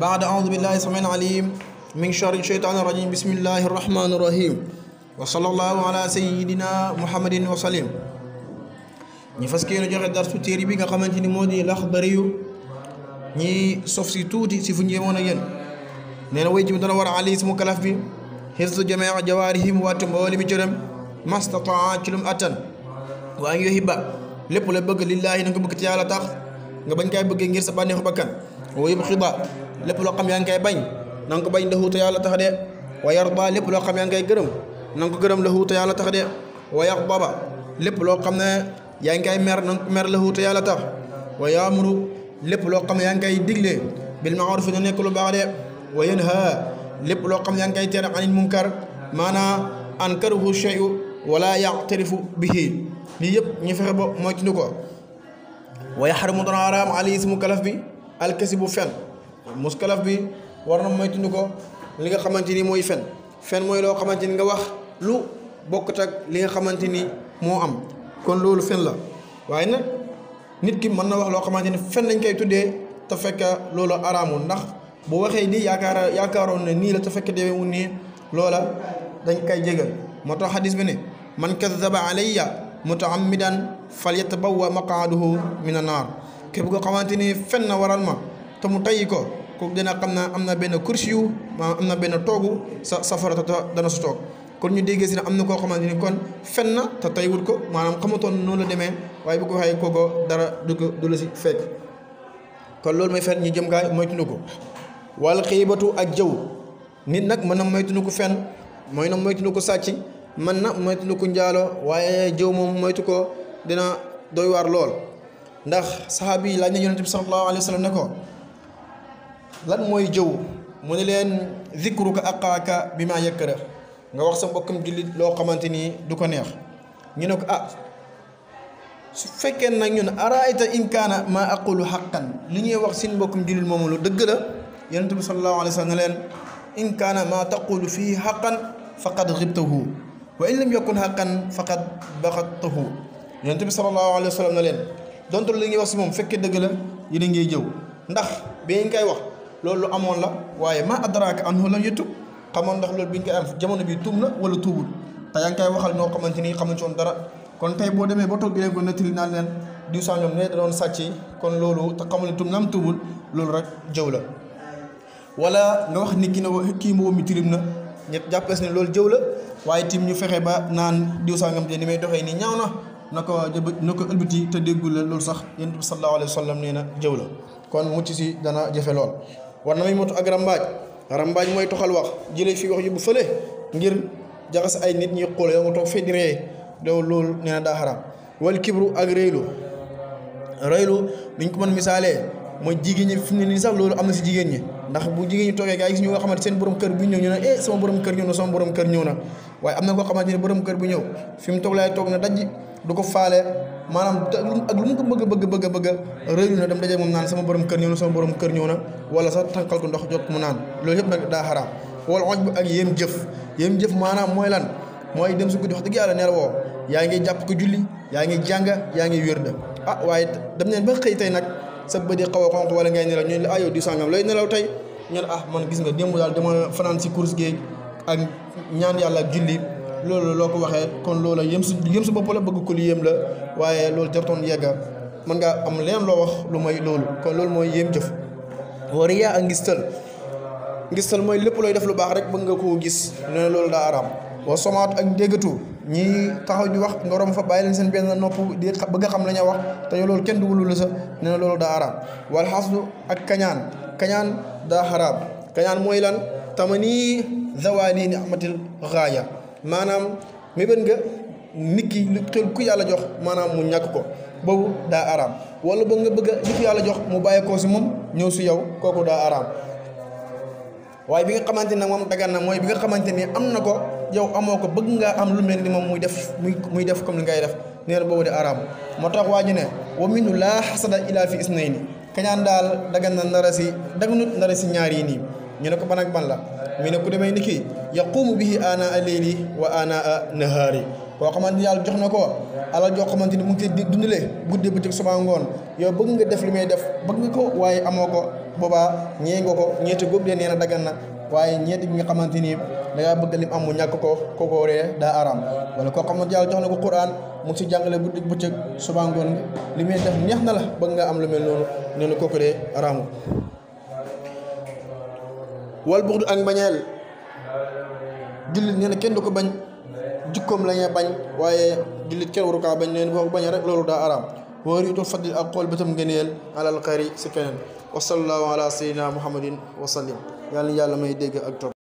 بعد أعوذ بالله السميع العليم من شر الشيطان الرجيم بسم الله الرحمن الرحيم وصلى الله على سيدنا محمد وسلم ñi fas kéenu joxe darsu téere bi nga xamante ni moo di laxbari yu ñi sof si tuuti si fu njéemoon ak yéen nee na way ci dana war a ali mu kalaf bi xirsu jamee jawaarihim waatu mbooli mi cëram mastataa ci lum attan waa ngi yoxi ba lépp la bëgg lillaahi na nga bëgg ci yàlla tax nga bañ kaay bëggee ngir sa bànneexu bakkan wa yubxida lépp loo xam yaa ngi koy bañ na nga ko bañ lahu te yàlla tax de wa yarda lépp loo xam yaa ngi koy gërëm na nga ko gërëm lahu te yàlla tax de wa yaxdaba lépp loo xam ne yaa ngi koy mer na nga ko mer lahu te yàlla tax wa yaamuru lépp loo xam ne yaa ngi koy digle bil maaruf na nekk lu baax de wa yanha lépp loo xam ne yaa ngi koy tere anil munkar maanaa an karahu cheyu wala yaqtarifu bihi lii yëpp ñu fexe ba moytuñu ko wa yaxramu dana araam alayhi ismu kalaf bi alkasibu fen muskalaf bi war na moytuñu ko li nga xamante ni fen fen mooy loo xamante nga wax lu bokkut ak li nga xamante ni moo am kon loolu fen la waaye nag nit ki mën na wax loo xamante ni fen lañ koy tuddee te fekk loolu araamul ndax bu waxee ni yaakaar yaakaaroon ne la te fekk demeewul nii loola dañ koy jégal moo tax bi ne man kadaba alayya mutaammidan falyatabawa maqaaduhu min annaar képp koo xamante ni fenn waral ma te mu tayyi ko kooku dina xam naa am na benn kursi yu maanaam am na benn toogu sa safara te dana su toog kon ñu déggee si am na koo xamante ni kon fen na te taywut ko maanaam xamatoon noonu la demee waaye bu ko waxee kooko dara du ko si fekk kon loolu mooy fen ñu jëm kaay moytunu ko wala xiibatu ak jëw nit nag mën na moytuñu ko fen mooy na moytunu ko sàcc mën na moytunu ko njaalo waaye jëw moom moytu ko dina doy waar lool ndax sahabi yi laaj na yonente bi salallahu alayhi wa sallam ne ko lan mooy jëw mu ne leen zikruka aqaaka bi maa yëkkëra nga wax sa mbokkam jullit loo xamante ni du ko neex ñu ne ko ah su fekkee nag ñun araayta in kaana ma aqulu xaqan li ñuy wax seen mbokkum jullit moomu lu dëgg la yonente bi salallahu alayhi wa sallam ne leen in kaana ma taqulu fii xaqan faqad xibtahu wa in lam yakun xaqan faqad baxattahu yonente bi salallahu alayhi wa sallam ne leen donte li ñuy wax si moom fekkee dëgg la yéen a ngi jëw ndax bi ñu koy wax loolu lu amoon la waaye ma adraka anhu lam yatub xamoon ndax loolu bi ñu am jamono bi tuub na wala tuubul te yaa ngi ñoo xamante ni xamuñ ci woon dara kon tey demee ba toog di leen ko nettali naan leen diw saa ñoom ne da kon loolu te xamuñ tuub na am tuubul loolu rek jëw la wala nga wax nit ki na kii mboobu mi tirim na ñett jàppees ne loolu jëw la waaye tim ñu fexe ba naan diw saa ngam te ni may doxee nii ñaaw na nako nako na te déggul lool sax yonent bi sallallahu alayhi wasallam neena nee na jëw la kon mucc si dana jëfé lool war na may motu ak rambaaj rambaaj moy toxal wax jëlé fi wax yu bu fële ngir jaxas ay nit ñi xol yow tok toog do lool neena da haram wal kibru ak rëylu rëylu niñ ko mën misalé mooy jigéen ñi fi mu ne nii sax loolu am na si jigéen ñi ndax bu jigéen ñi toogee gaa yi ñu nga xamante seen borom kër bu ñëw ñu eh sama borom kër ñëw na sama borom kër ñëw na waaye am na koo xamante ne borom kër bu ñëw fi mu toog laay toog na daj du ko faale maanaam ak lu mu ko bëgg bëgg bëgg bëgg rëyu na dem daje moom naan sama borom kër ñëw na sama borom kër ñëw na wala sax tànkal ko ndox jot mu naan loolu yëpp nag daa xaraam wala oj bi ak yéem jëf yéem jëf maanaam mooy lan mooy dem su guddi wax dëgg yàlla neel woo yaa ngi ko julli yaa ngi jàng yaa ah waaye dem neen ba xëy tey nag sa bëdi xaw a xonq wala ngay nelaw ñu ne la ah yow diw sàngam looy nelaw tey ñu ah man gis nga démb daal dama fanaan si course géej ak ñaan yàlla ak loolu loo ko waxee kon loolu yëm su su bopp la bëgg ko li yëm la waaye loolu jartoon yegga mën ngaa am leen loo wax lu may loolu kon loolu mooy yéem jëf wari yaa ak ngistal ngistal mooy lépp looy def lu baax rek bëgg nga koo gis loolu daa araam wa somaatu ak ndéggatu ñii taxaw di wax nga rom fa bàyyi leen seen benn nopp di bëgg a xam la ñuy wax te loolu kenn dugalu lu sa nee na loolu daa araam wal xasdu ak kañaan kañaan daa xaraam kañaan mooy lan tamani zawali ni amatil xaaya maanaam mébét nga nit ki lu ku yàlla jox maanaam mu ñàkk ko boobu daa araam wala boog nga bëgg a ku yàlla jox mu bàyyi ko si moom ñëw si yow kooku daa araam waaye bi nga xamante ne moom dagan na mooy bi nga xamante ni am na ko yow amoo ko bëgg ngaa am lu mel ni moom muy def muy muy def comme li ngay def nee boobu de araam moo tax waa ji ne wa minu laa xasada ilaa fi isnayni kañaan daal dagan na nara si daganut nara si ñaar yi nii ñu ne ko ban ak ban la mu ne ku demee ni kii yaqumu bihi ana a leyli wa ana a nahaari koo xamante ni yàlla jox na ko alal joo xamante ni mu ngi koy dundalee guddee bëccëg suba ngoon yow bëgg nga def li may def bëgg nga ko waaye amoo ko boba ñee nga ko ñeeti góob de nee na dagan na waaye ñeeti gi nga xamante da ngaa bëgg lim am mu ñàkk ko kookoo ree daa araam wala koo xamante yàlla jox na ko quran mu si jàngale guddi bëccëg suba ngoon li muy def neex na la bëgg nga am lu mel noonu nee na kooku ree araamu wal buxdu ak mbañeel jullit nee na kenn du bañ la bañ waaye jullit kenn waru kaa bañ nee na boo rek ويريد فضل الأقوال بتم جنيل على القاري سكان وصلى الله على سيدنا محمد وسلم يعني يا لما يدق أكتر